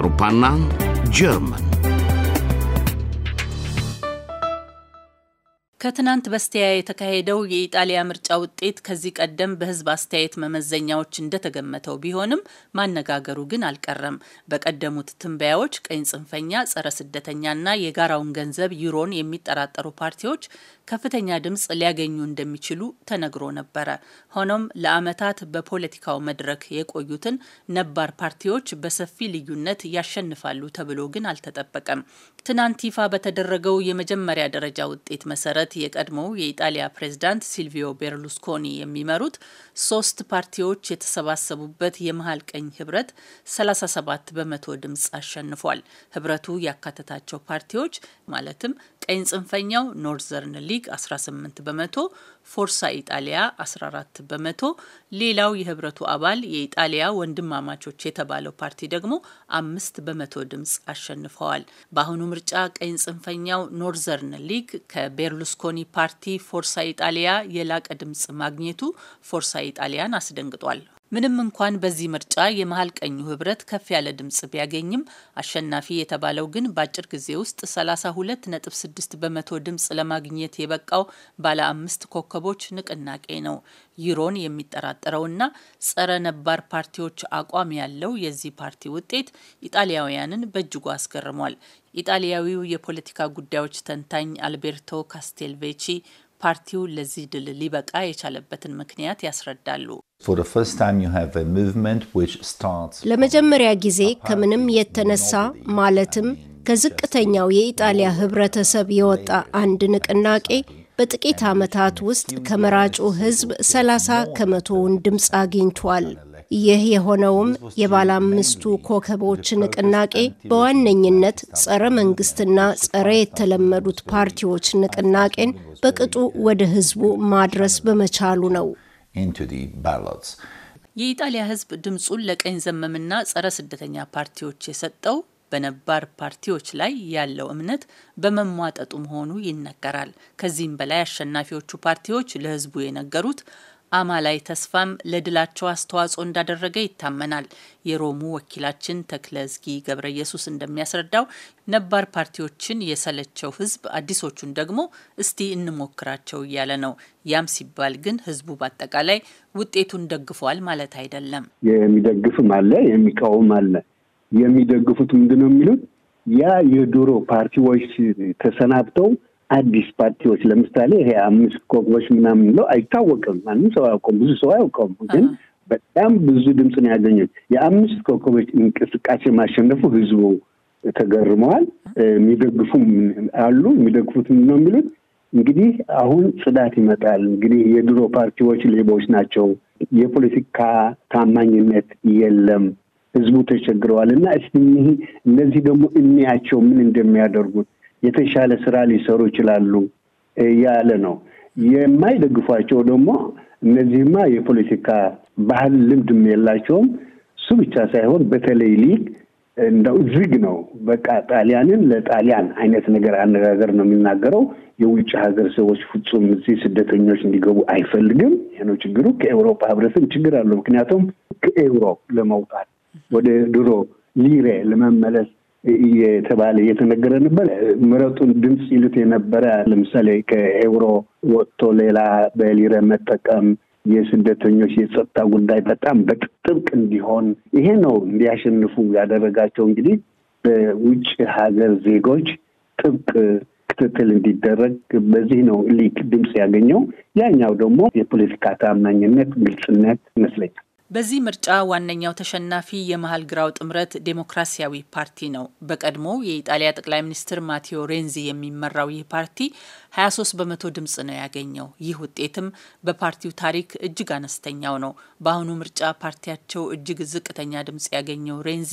Rupanang, Jerman. ከትናንት በስቲያ የተካሄደው የኢጣሊያ ምርጫ ውጤት ከዚህ ቀደም በሕዝብ አስተያየት መመዘኛዎች እንደተገመተው ቢሆንም ማነጋገሩ ግን አልቀረም። በቀደሙት ትንበያዎች ቀኝ ጽንፈኛ፣ ጸረ ስደተኛና የጋራውን ገንዘብ ዩሮን የሚጠራጠሩ ፓርቲዎች ከፍተኛ ድምፅ ሊያገኙ እንደሚችሉ ተነግሮ ነበረ። ሆኖም ለዓመታት በፖለቲካው መድረክ የቆዩትን ነባር ፓርቲዎች በሰፊ ልዩነት ያሸንፋሉ ተብሎ ግን አልተጠበቀም። ትናንት ይፋ በተደረገው የመጀመሪያ ደረጃ ውጤት መሰረት መሰረት የቀድሞው የኢጣሊያ ፕሬዝዳንት ሲልቪዮ ቤርሉስኮኒ የሚመሩት ሶስት ፓርቲዎች የተሰባሰቡበት የመሀል ቀኝ ህብረት 37 በመቶ ድምፅ አሸንፏል። ህብረቱ ያካተታቸው ፓርቲዎች ማለትም ቀኝ ጽንፈኛው ኖርዘርን ሊግ 18 በመቶ፣ ፎርሳ ኢጣሊያ 14 በመቶ፣ ሌላው የህብረቱ አባል የኢጣሊያ ወንድማማቾች የተባለው ፓርቲ ደግሞ አምስት በመቶ ድምፅ አሸንፈዋል። በአሁኑ ምርጫ ቀኝ ጽንፈኛው ኖርዘርን ሊግ ከቤርሉስ የቤርሉስኮኒ ፓርቲ ፎርሳ ኢጣሊያ የላቀ ድምጽ ማግኘቱ ፎርሳ ኢጣሊያን አስደንግጧል። ምንም እንኳን በዚህ ምርጫ የመሀል ቀኙ ህብረት ከፍ ያለ ድምጽ ቢያገኝም አሸናፊ የተባለው ግን በአጭር ጊዜ ውስጥ 32 ነጥብ 6 በመቶ ድምጽ ለማግኘት የበቃው ባለ አምስት ኮከቦች ንቅናቄ ነው። ዩሮን የሚጠራጠረውና ጸረ ነባር ፓርቲዎች አቋም ያለው የዚህ ፓርቲ ውጤት ኢጣሊያውያንን በእጅጉ አስገርሟል። ኢጣሊያዊው የፖለቲካ ጉዳዮች ተንታኝ አልቤርቶ ካስቴልቬቺ ፓርቲው ለዚህ ድል ሊበቃ የቻለበትን ምክንያት ያስረዳሉ። ለመጀመሪያ ጊዜ ከምንም የተነሳ ማለትም ከዝቅተኛው የኢጣሊያ ህብረተሰብ የወጣ አንድ ንቅናቄ በጥቂት ዓመታት ውስጥ ከመራጩ ህዝብ 30 ከመቶውን ድምፅ አግኝቷል። ይህ የሆነውም የባለ አምስቱ ኮከቦች ንቅናቄ በዋነኝነት ጸረ መንግስትና ጸረ የተለመዱት ፓርቲዎች ንቅናቄን በቅጡ uh, ወደ ህዝቡ ማድረስ በመቻሉ ነው። into the ballots. የኢጣሊያ ሕዝብ ድምፁን ለቀኝ ዘመምና ጸረ ስደተኛ ፓርቲዎች የሰጠው በነባር ፓርቲዎች ላይ ያለው እምነት በመሟጠጡ መሆኑ ይነገራል። ከዚህም በላይ አሸናፊዎቹ ፓርቲዎች ለሕዝቡ የነገሩት አማላይ ተስፋም ለድላቸው አስተዋጽኦ እንዳደረገ ይታመናል። የሮሙ ወኪላችን ተክለ ዝጊ ገብረ ኢየሱስ እንደሚያስረዳው ነባር ፓርቲዎችን የሰለቸው ህዝብ አዲሶቹን ደግሞ እስቲ እንሞክራቸው እያለ ነው። ያም ሲባል ግን ህዝቡ በአጠቃላይ ውጤቱን ደግፏል ማለት አይደለም። የሚደግፍም አለ፣ የሚቃወም አለ። የሚደግፉት ምንድን ነው የሚሉት ያ የድሮ ፓርቲዎች ተሰናብተው አዲስ ፓርቲዎች ለምሳሌ ይሄ አምስት ኮከቦች ምናምን ብለው አይታወቅም። ማንም ሰው አያውቀውም፣ ብዙ ሰው አያውቀውም። ግን በጣም ብዙ ድምፅ ነው ያገኙት። የአምስት ኮከቦች እንቅስቃሴ ማሸነፉ ህዝቡ ተገርመዋል። የሚደግፉም አሉ። የሚደግፉት ነው የሚሉት እንግዲህ አሁን ጽዳት ይመጣል። እንግዲህ የድሮ ፓርቲዎች ሌቦች ናቸው፣ የፖለቲካ ታማኝነት የለም፣ ህዝቡ ተቸግረዋል እና እስቲ እነዚህ ደግሞ እንያቸው ምን እንደሚያደርጉት የተሻለ ስራ ሊሰሩ ይችላሉ ያለ ነው። የማይደግፏቸው ደግሞ እነዚህማ የፖለቲካ ባህል ልምድም የላቸውም። እሱ ብቻ ሳይሆን በተለይ ሊግ እንደው ዝግ ነው። በቃ ጣሊያንን ለጣሊያን አይነት ነገር አነጋገር ነው የሚናገረው። የውጭ ሀገር ሰዎች ፍጹም እዚህ ስደተኞች እንዲገቡ አይፈልግም። ይህ ነው ችግሩ። ከኤውሮፓ ህብረትም ችግር አለው። ምክንያቱም ከኤውሮ ለመውጣት ወደ ድሮ ሊሬ ለመመለስ እየተባለ እየተነገረ ነበር። ምረጡን ድምፅ ይሉት የነበረ ለምሳሌ ከኤውሮ ወጥቶ ሌላ በሊረ መጠቀም የስደተኞች የጸጥታ ጉዳይ በጣም በጥብቅ እንዲሆን ይሄ ነው እንዲያሸንፉ ያደረጋቸው። እንግዲህ በውጭ ሀገር ዜጎች ጥብቅ ክትትል እንዲደረግ በዚህ ነው ሊክ ድምፅ ያገኘው። ያኛው ደግሞ የፖለቲካ ታማኝነት፣ ግልጽነት ይመስለኛል። በዚህ ምርጫ ዋነኛው ተሸናፊ የመሀል ግራው ጥምረት ዴሞክራሲያዊ ፓርቲ ነው። በቀድሞው የኢጣሊያ ጠቅላይ ሚኒስትር ማቴዎ ሬንዚ የሚመራው ይህ ፓርቲ 23 በመቶ ድምፅ ነው ያገኘው። ይህ ውጤትም በፓርቲው ታሪክ እጅግ አነስተኛው ነው። በአሁኑ ምርጫ ፓርቲያቸው እጅግ ዝቅተኛ ድምፅ ያገኘው ሬንዚ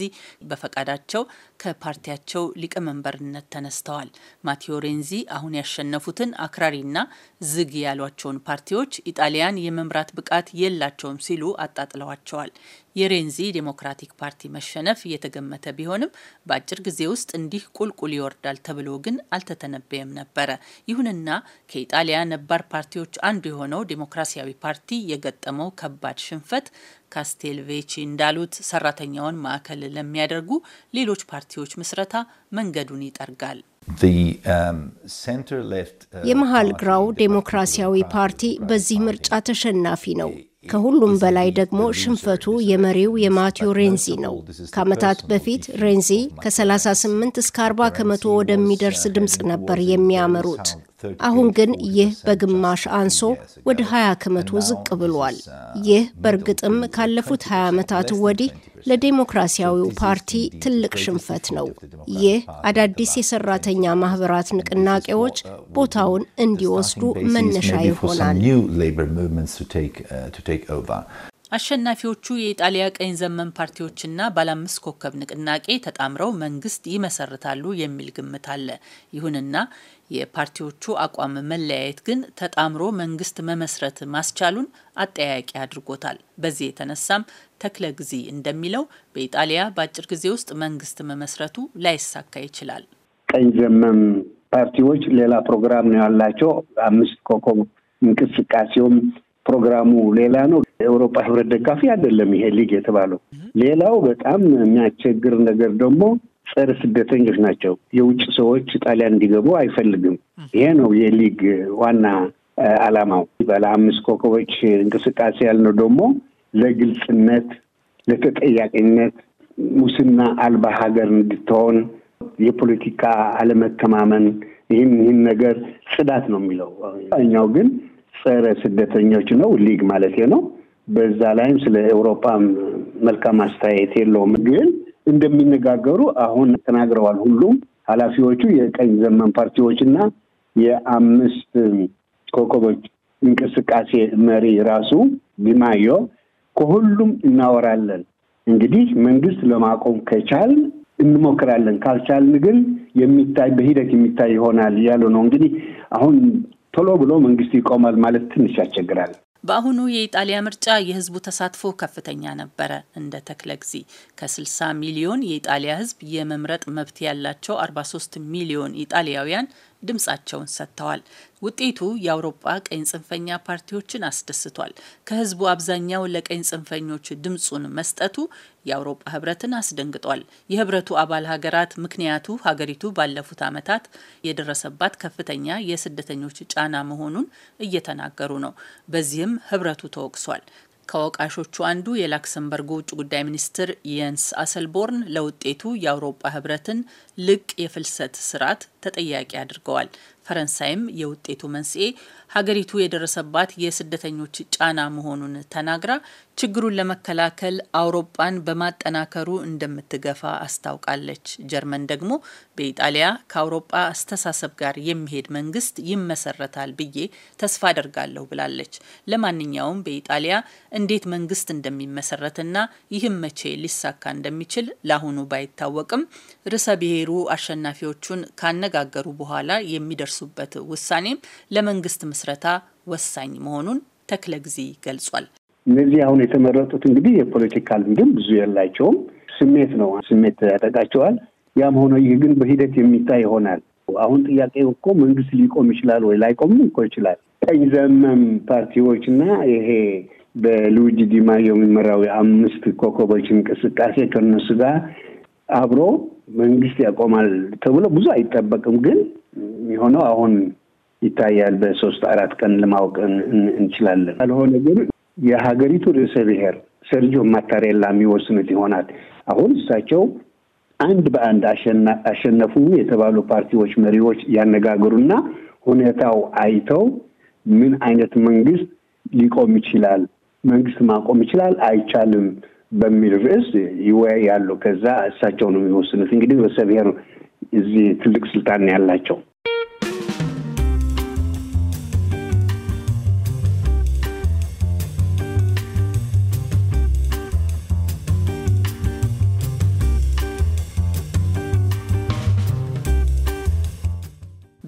በፈቃዳቸው ከፓርቲያቸው ሊቀመንበርነት ተነስተዋል። ማቴዎ ሬንዚ አሁን ያሸነፉትን አክራሪና ዝግ ያሏቸውን ፓርቲዎች ኢጣሊያን የመምራት ብቃት የላቸውም ሲሉ አጣጥለዋል። ጥለዋቸዋል። የሬንዚ ዴሞክራቲክ ፓርቲ መሸነፍ እየተገመተ ቢሆንም በአጭር ጊዜ ውስጥ እንዲህ ቁልቁል ይወርዳል ተብሎ ግን አልተተነበየም ነበረ። ይሁንና ከኢጣሊያ ነባር ፓርቲዎች አንዱ የሆነው ዴሞክራሲያዊ ፓርቲ የገጠመው ከባድ ሽንፈት ካስቴልቬቺ እንዳሉት ሰራተኛውን ማዕከል ለሚያደርጉ ሌሎች ፓርቲዎች ምስረታ መንገዱን ይጠርጋል። um, uh, የመሀል ግራው ዴሞክራሲያዊ uh, ፓርቲ በዚህ ምርጫ ተሸናፊ ነው። ከሁሉም በላይ ደግሞ ሽንፈቱ የመሪው የማቴዎ ሬንዚ ነው። ከዓመታት በፊት ሬንዚ ከ38 እስከ 40 ከመቶ ወደሚደርስ ድምፅ ነበር የሚያመሩት። አሁን ግን ይህ በግማሽ አንሶ ወደ 20 ከመቶ ዝቅ ብሏል። ይህ በእርግጥም ካለፉት 20 ዓመታት ወዲህ ለዴሞክራሲያዊው ፓርቲ ትልቅ ሽንፈት ነው። ይህ አዳዲስ የሰራተኛ ማህበራት ንቅናቄዎች ቦታውን እንዲወስዱ መነሻ ይሆናል። uh, አሸናፊዎቹ የኢጣሊያ ቀኝ ዘመን ፓርቲዎችና ባለአምስት ኮከብ ንቅናቄ ተጣምረው መንግስት ይመሰርታሉ የሚል ግምት አለ። ይሁንና የፓርቲዎቹ አቋም መለያየት ግን ተጣምሮ መንግስት መመስረት ማስቻሉን አጠያቂ አድርጎታል። በዚህ የተነሳም ተክለ ጊዜ እንደሚለው በኢጣሊያ በአጭር ጊዜ ውስጥ መንግስት መመስረቱ ላይሳካ ይችላል። ቀኝ ዘመም ፓርቲዎች ሌላ ፕሮግራም ነው ያላቸው። አምስት ኮከብ እንቅስቃሴውም ፕሮግራሙ ሌላ ነው። የአውሮፓ ህብረት ደጋፊ አይደለም ይሄ ሊግ የተባለው። ሌላው በጣም የሚያስቸግር ነገር ደግሞ ጸረ ስደተኞች ናቸው። የውጭ ሰዎች ጣሊያን እንዲገቡ አይፈልግም። ይሄ ነው የሊግ ዋና አላማው ባለ አምስት ኮከቦች እንቅስቃሴ ያልነው ደግሞ ለግልጽነት፣ ለተጠያቂነት፣ ሙስና አልባ ሀገር እንድትሆን የፖለቲካ አለመተማመን ይህም ይህን ነገር ጽዳት ነው የሚለው እኛው ግን ጸረ ስደተኞች ነው ሊግ ማለት ነው። በዛ ላይም ስለ ኤውሮፓ መልካም አስተያየት የለውም። ግን እንደሚነጋገሩ አሁን ተናግረዋል። ሁሉም ኃላፊዎቹ የቀኝ ዘመን ፓርቲዎች እና የአምስት ኮከቦች እንቅስቃሴ መሪ ራሱ ዲማዮ ከሁሉም እናወራለን። እንግዲህ መንግስት ለማቆም ከቻል እንሞክራለን፣ ካልቻልን ግን የሚታይ በሂደት የሚታይ ይሆናል እያሉ ነው። እንግዲህ አሁን ቶሎ ብሎ መንግስት ይቆማል ማለት ትንሽ ያስቸግራል። በአሁኑ የኢጣሊያ ምርጫ የህዝቡ ተሳትፎ ከፍተኛ ነበረ። እንደ ተክለ ጊዜ ከ60 ሚሊዮን የኢጣሊያ ህዝብ የመምረጥ መብት ያላቸው 43 ሚሊዮን ኢጣሊያውያን ድምጻቸውን ሰጥተዋል። ውጤቱ የአውሮጳ ቀኝ ጽንፈኛ ፓርቲዎችን አስደስቷል። ከህዝቡ አብዛኛው ለቀኝ ጽንፈኞች ድምጹን መስጠቱ የአውሮጳ ህብረትን አስደንግጧል። የህብረቱ አባል ሀገራት ምክንያቱ ሀገሪቱ ባለፉት ዓመታት የደረሰባት ከፍተኛ የስደተኞች ጫና መሆኑን እየተናገሩ ነው። በዚህም ህብረቱ ተወቅሷል። ከወቃሾቹ አንዱ የላክሰምበርጉ ውጭ ጉዳይ ሚኒስትር የንስ አሰልቦርን ለውጤቱ የአውሮፓ ህብረትን ልቅ የፍልሰት ስርዓት ተጠያቂ አድርገዋል። ፈረንሳይም የውጤቱ መንስኤ ሀገሪቱ የደረሰባት የስደተኞች ጫና መሆኑን ተናግራ ችግሩን ለመከላከል አውሮፓን በማጠናከሩ እንደምትገፋ አስታውቃለች። ጀርመን ደግሞ በኢጣሊያ ከአውሮፓ አስተሳሰብ ጋር የሚሄድ መንግስት ይመሰረታል ብዬ ተስፋ አደርጋለሁ ብላለች። ለማንኛውም በኢጣሊያ እንዴት መንግስት እንደሚመሰረትና ይህም መቼ ሊሳካ እንደሚችል ለአሁኑ ባይታወቅም ርዕሰ ብሔሩ አሸናፊዎቹን ካነ ከተነጋገሩ በኋላ የሚደርሱበት ውሳኔም ለመንግስት ምስረታ ወሳኝ መሆኑን ተክለ ጊዜ ገልጿል። እነዚህ አሁን የተመረጡት እንግዲህ የፖለቲካ ልምድም ብዙ የላቸውም። ስሜት ነው፣ ስሜት ያጠቃቸዋል። ያም ሆነ ይህ ግን በሂደት የሚታይ ይሆናል። አሁን ጥያቄ እኮ መንግስት ሊቆም ይችላል ወይ? ላይቆምም እኮ ይችላል። ቀኝ ዘመም ፓርቲዎች እና ይሄ በሉዊጂ ዲማዮ የሚመራው የአምስት ኮከቦች እንቅስቃሴ ከነሱ ጋር አብሮ መንግስት ያቆማል ተብሎ ብዙ አይጠበቅም። ግን የሆነው አሁን ይታያል። በሶስት አራት ቀን ለማወቅ እንችላለን። ካልሆነ ግን የሀገሪቱ ርዕሰ ብሔር ሰርጆ ማታሬላ የሚወስኑት ይሆናል። አሁን እሳቸው አንድ በአንድ አሸነፉ የተባሉ ፓርቲዎች መሪዎች ያነጋግሩና ሁኔታው አይተው ምን አይነት መንግስት ሊቆም ይችላል፣ መንግስት ማቆም ይችላል አይቻልም በሚል ርዕስ ይወያያሉ። ከዛ እሳቸው ነው የሚወስኑት። እንግዲህ በሰብሔር እዚህ ትልቅ ስልጣን ያላቸው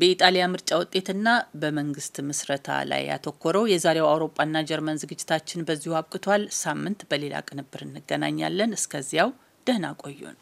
በኢጣሊያ ምርጫ ውጤትና በመንግስት ምስረታ ላይ ያተኮረው የዛሬው አውሮፓና ጀርመን ዝግጅታችን በዚሁ አብቅቷል። ሳምንት በሌላ ቅንብር እንገናኛለን። እስከዚያው ደህና ቆዩን።